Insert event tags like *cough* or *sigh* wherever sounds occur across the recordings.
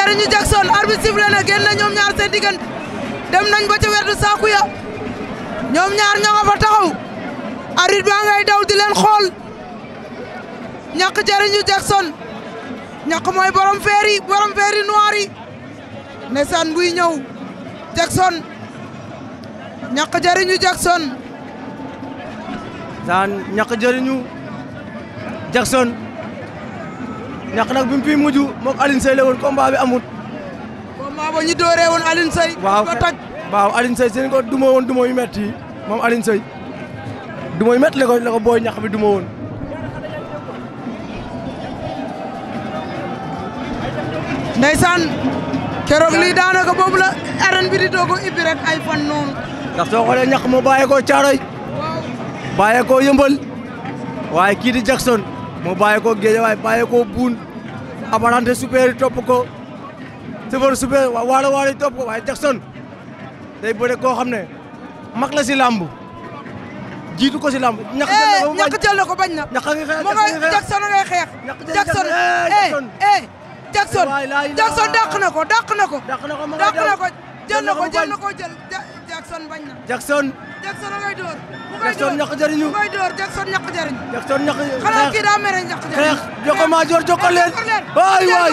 jariñu Jackson arbitre sifflé na génn na ñoom ñaar seen dem nañ ba ca wetu saaku ya ñoom ñaar ña nga fa taxaw arbitre baa ngay daw di leen xool ñàkk jariñu Jackson ñàkk mooy borom feer yi borom feer yi noir yi ndeysaan buy ñëw Jackson ñàkk jariñu Jackson saan ñàkk jariñu Jackson ñax nag bi mu fi mujj moog Alioune Seye la woon combat bi amul. combat ba ñu dooree woon Alioune Seye. waaw ko tag waaw Alioune Seye seen ko duma woon duma yu metti yi moom Alioune Seye duma yu metti la ko la ko bi duma woon. ndeysaan keroog lii daanaka boobu la arène bi di doog a ay fan noonu. ndax soo xoolee ñax moo bàyyeekoo Caaroy. bàyyeekoo waaye kii di Jackson. moo bàyyi ko Géejawaay bàyyi ko buun amarante super topp ko super super waalo waalo topp ko waaye Jackson day bëre koo xam ne mag la si làmb jiitu ko si làmb. ñàkk jël na ko eh, bañ na ñàkk ngi xeex mu ngay Jackson ngay xeex. Jackson eh Jackson Jackson eh, eh, na ko dàq na ko. dàq na ko jël na ko jël na bañ na. Jackson. Jackson ngay door. mu ngay door Jackson ñàkk jëriñu. mu ngay door Jackson ñàkk jëriñu. Jackson ñàkk xeex xanaa kii daa mere ñàkk jëriñu. xeex jox maa joor jokkal leen. waay waay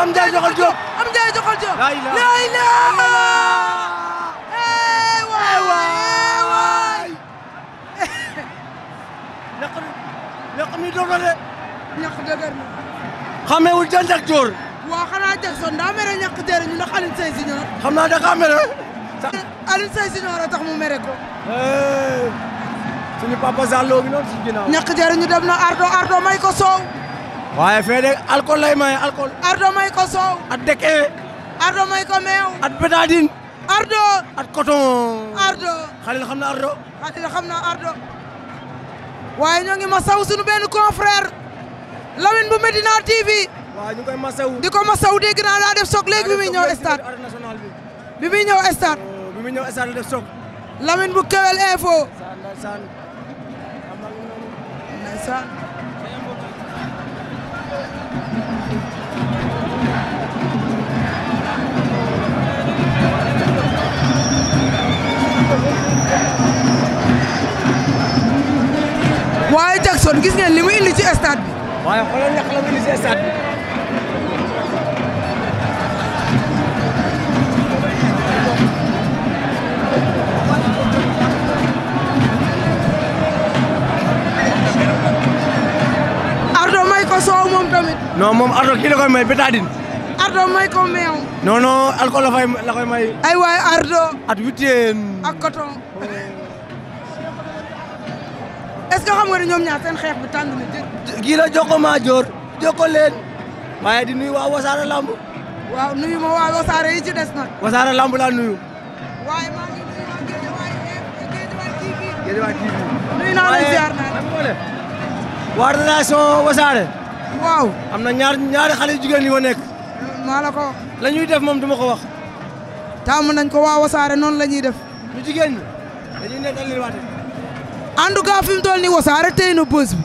am njaay joxal jóob. am njaay joxal jóob. laa ilaa ñaq mi doon na de. ñaq dëgër na. xameewul jant ak jóor. waaw xanaa Jackson daa mere ñaq jëriñu ndax Alioune Seye si ñor. xam naa da kaa mere. *laughs* Alioune Seye Junior a tax mu mere ko. suñu papa Zallo gi noonu si ginnaaw. ñàkk jëriñu dem na Ardo Ardo may ko soow. waaye fee de alcool lay may alcool. Ardo may ko soow. at dëkkee. Ardo may ko meew. at bétadine. Ardo. Ardo. Khalil xam na Ardo. Khalil xam na Ardo. waaye ñoo ngi masawu suñu benn confrère. Lamine bu Medina TV. di ko masawu dégg naa daa def soog bi muy ñëw stade. mu ñëw stade waaye Jackson gis ngeen li mu indi ci stade waaye xoolal ñax la mu indi ci stade non moom ardo kii la koy may bétadine. ardo may ko meew. non non fay la may. ay waay ardo. at huitaine. ak coton. est-ce que xam nga ne ñoom ñaar seen xeex bi tàng na jë. kii Jokko maa joor Jokko leen. waaye di nuyu waa Wasaare Lamb. waaw nuyu ma waa Wasaare yi des nag. Wasaare Lamb laa nuyu. waaye maa ngi nuyu waa Géejawaay Géejawaay Wasaare. waaw am na ñaar ñaari xale jigéen yu ma nekk. maa la ko. la ñuy def moom duma ko wax. taamu nañ ko waa wasaare noonu la ñuy def. ñu jigéen ñi dañuy nekk ak liy waate. en tout cas fi mu toll nii wasaare tey na bës bi.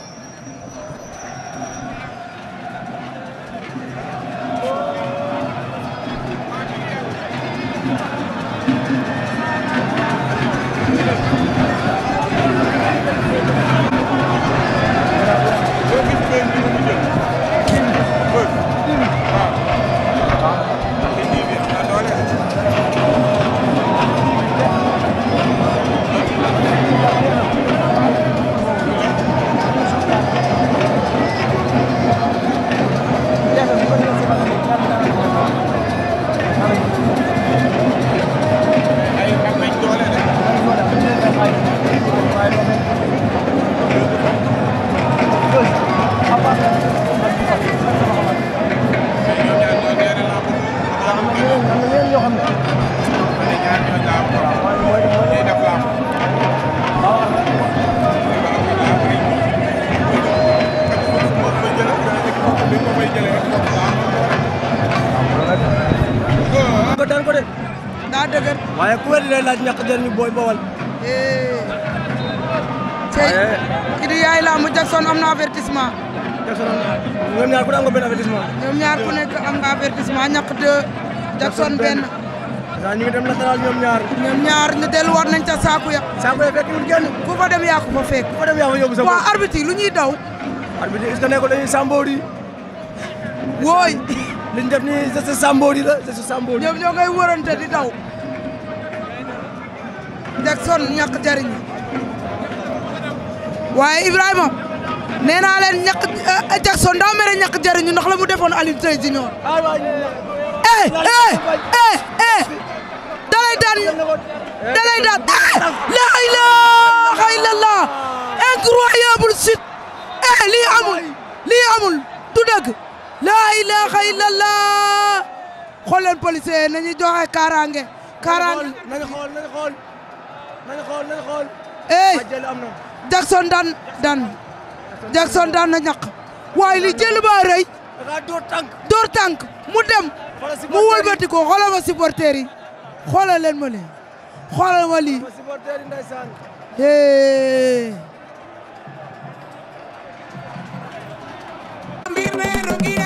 waaye ku wér lay laaj ñàkk jëriñu booy bawal. Eh. tey ki di yaay laa mu Jackson am na avertissement. Jackson ñoom ñaar ku ne am ñaar ku nekk am nga avertissement ñàkk de Jackson benn. waaw ñu ngi dem national ñoom ñaar. ñoom ñaar ñu delluwaat nañ ca saako ya. saako ya fekk ñu kenn. ku fa dem yaa ko fa fekk. ku fa dem yaa ko yóbbu sa bopp waaw yi lu ñuy daw. arbitre yi est-ce que nekkul dañuy wooy. li ñu def nii c'est sàmboori la c'est sàmboori. ñoom ñoo koy wërante di daw. jag sonn ñàkk jariñ waaye Ibrahima nee naa leen ñàkk eh, eh, Jackson daa mere ñàkk jariñu ndax la mu defoon Alioune Seye Junior eh eh eh, eh dalay daan dalay daan la ilaha illallah incroyable chute eh lii amul lii amul du dëgg la ilaha illallah xool leen nañu joxe kaaraange kaaraange nañu xool nañu xool. ah na. Jackson daan daan jël ba rëy. da door tànk. door tànk mu dem. mu wëlbati ko xoolal ma supporter yi xoolal leen ma leen xoolal ma lii. mbir